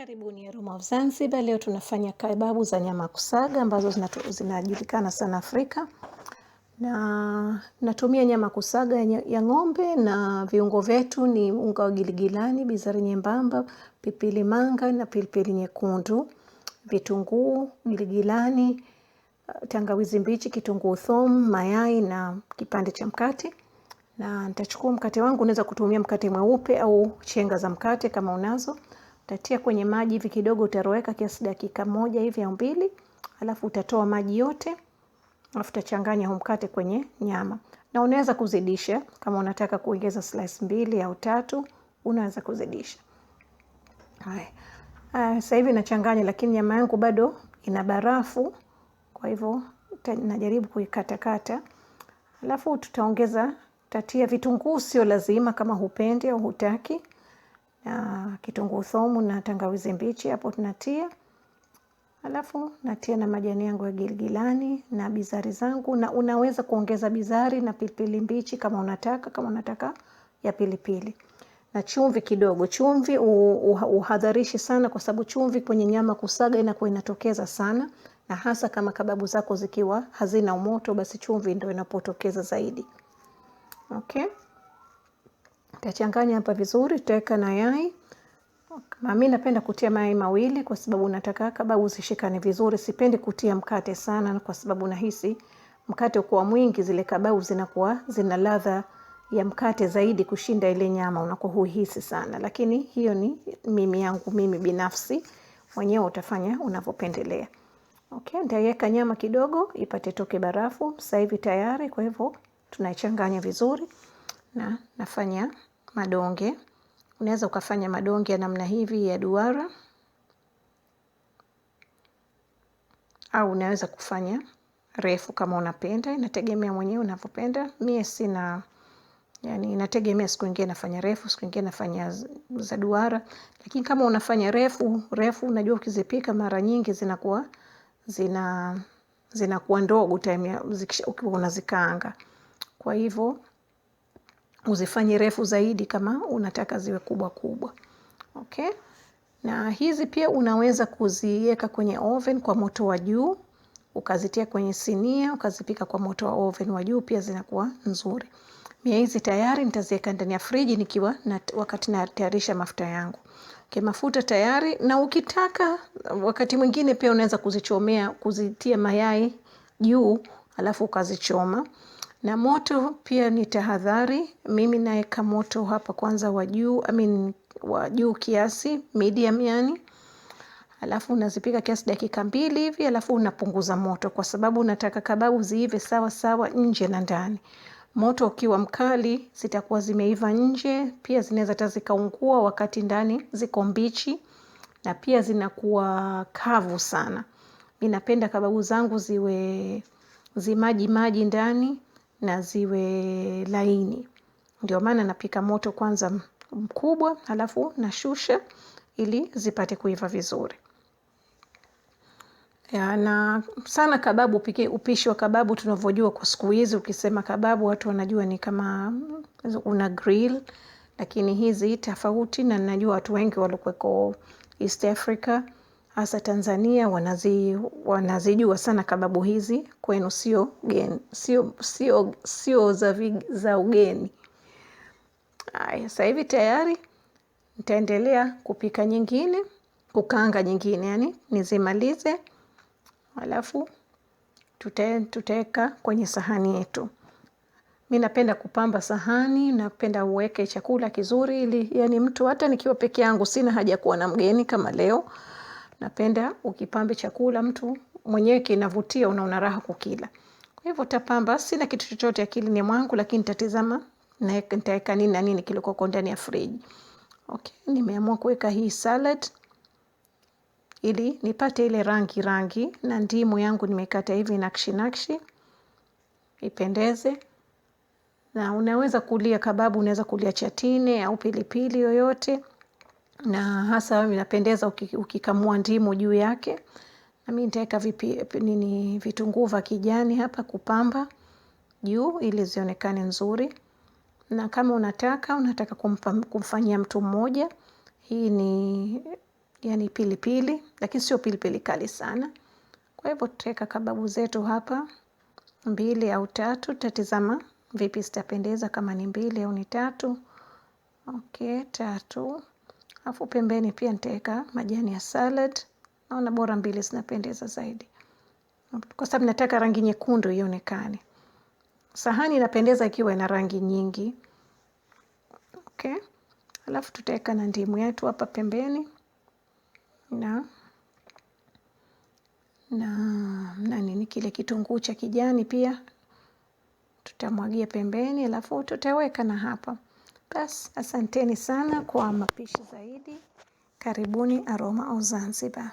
Karibuni Aroma of Zanzibar. Leo tunafanya kebabu za nyama kusaga ambazo zinajulikana sana Afrika, na natumia nyama kusaga ya ng'ombe, na viungo vyetu ni unga wa giligilani, bizari nyembamba, pipili manga na pilipili nyekundu, vitunguu, giligilani, tangawizi mbichi, kitunguu thom, mayai na kipande cha mkate na nitachukua mkate wangu. Unaweza kutumia mkate mweupe au chenga za mkate kama unazo Utatia kwenye maji hivi kidogo, utaroweka kiasi dakika moja hivi au mbili, alafu utatoa maji yote, alafu utachanganya huu mkate kwenye nyama, na unaweza kuzidisha kama unataka kuongeza slice mbili au tatu, unaweza kuzidisha. Haya, ah, sasa hivi nachanganya, lakini nyama yangu bado ina barafu, kwa hivyo najaribu kuikatakata, alafu tutaongeza tatia vitunguu, sio lazima kama hupendi au hutaki na kitunguu saumu na tangawizi mbichi hapo tunatia, alafu natia na majani yangu ya giligilani na bizari zangu, na unaweza kuongeza bizari na pilipili mbichi kama unataka, kama unataka ya pilipili na chumvi kidogo. Chumvi uhadharishi sana, kwa sababu chumvi kwenye nyama kusaga inakuwa inatokeza sana, na hasa kama kababu zako zikiwa hazina umoto, basi chumvi ndio inapotokeza zaidi. Okay. Tachanganya hapa vizuri, tutaweka na yai. Mimi napenda kutia mayai mawili kwa sababu nataka kababu zishikane vizuri. Sipendi kutia mkate sana kwa sababu nahisi mkate ukuwa mwingi zile kababu zinakuwa zina ladha ya mkate zaidi kushinda ile nyama unakuwa huhisi sana, lakini hiyo ni mimi yangu mimi binafsi mwenyewe, utafanya unavyopendelea. Okay, nitaweka nyama kidogo ipate toke barafu. Sasa hivi tayari, kwa hivyo tunaichanganya vizuri na nafanya madonge. Unaweza ukafanya madonge ya namna hivi ya duara, au unaweza kufanya refu kama unapenda, inategemea mwenyewe unavyopenda. Mie sina yani, inategemea siku nyingine nafanya refu, siku nyingine nafanya za duara. Lakini kama unafanya refu refu, unajua ukizipika mara nyingi zinakuwa zina zinakuwa ndogo time ukiwa unazikaanga, kwa hivyo uzifanye refu zaidi kama unataka ziwe kubwa kubwa. Okay? Na hizi pia unaweza kuziweka kwenye oven kwa moto wa juu, ukazitia kwenye sinia, ukazipika kwa moto wa oven wa juu, pia zinakuwa nzuri. Mie hizi tayari nitaziweka ndani ya friji nikiwa na wakati natayarisha mafuta yangu. Okay, mafuta tayari na ukitaka wakati mwingine pia unaweza kuzichomea kuzitia mayai juu alafu ukazichoma. Na moto pia ni tahadhari. Mimi naeka moto hapa kwanza wa juu, I mean wa juu kiasi, medium yani. Alafu unazipika kiasi dakika mbili hivi, alafu unapunguza moto kwa sababu unataka kababu ziive sawa sawa nje na ndani. Moto ukiwa mkali zitakuwa zimeiva nje, pia zinaweza hata zikaungua wakati ndani ziko mbichi na pia zinakuwa kavu sana. Mi napenda kababu zangu ziwe zimaji maji ndani na ziwe laini. Ndio maana napika moto kwanza mkubwa halafu nashusha ili zipate kuiva vizuri. Ya, na sana kababu upike, upishi wa kababu tunavyojua kwa siku hizi, ukisema kababu watu wanajua ni kama una grill, lakini hizi tofauti na najua watu wengi walikuweko East Africa hasa Tanzania wanazi, wanazijua sana kababu hizi kwenu sio geni, sio sio sio za, za ugeni. Aya, sasa hivi tayari nitaendelea kupika nyingine, kukaanga nyingine, yani nizimalize, alafu tutaweka kwenye sahani yetu. Mi napenda kupamba sahani, napenda uweke chakula kizuri ili yani mtu hata nikiwa peke yangu sina haja kuwa na mgeni kama leo. Napenda ukipambe chakula mtu mwenyewe kinavutia, unaona raha kukila. Kwa hivyo tapamba, sina kitu chochote akilini mwangu, lakini tatizama nitaweka nini na nini kilikoko ndani ya friji. Okay, nimeamua kuweka hii salad ili nipate ile rangi rangi na ndimu yangu nimekata hivi nakshi nakshi ipendeze. Na unaweza kulia kababu, unaweza kulia chatine au pilipili yoyote na hasa inapendeza ukikamua ndimu juu yake. Na mimi nitaweka nini vitunguu vya kijani hapa kupamba juu ili zionekane nzuri. Na kama unataka unataka kumpa, kumfanyia mtu mmoja hii ni yani pilipili, lakini sio pilipili kali sana. Kwa hivyo tutaweka kababu zetu hapa mbili au tatu, tutatizama vipi zitapendeza, kama ni mbili au ni tatu. Okay, tatu. Alafu pembeni pia nitaweka majani ya salad. Naona bora mbili zinapendeza zaidi, kwa sababu nataka rangi nyekundu ionekane. Sahani inapendeza ikiwa ina rangi nyingi. Okay. Alafu tutaweka na ndimu yetu hapa pembeni na na nani ni kile kitunguu cha kijani pia tutamwagia pembeni, alafu tutaweka na hapa basi asanteni sana kwa mapishi zaidi. Karibuni Aroma of Zanzibar.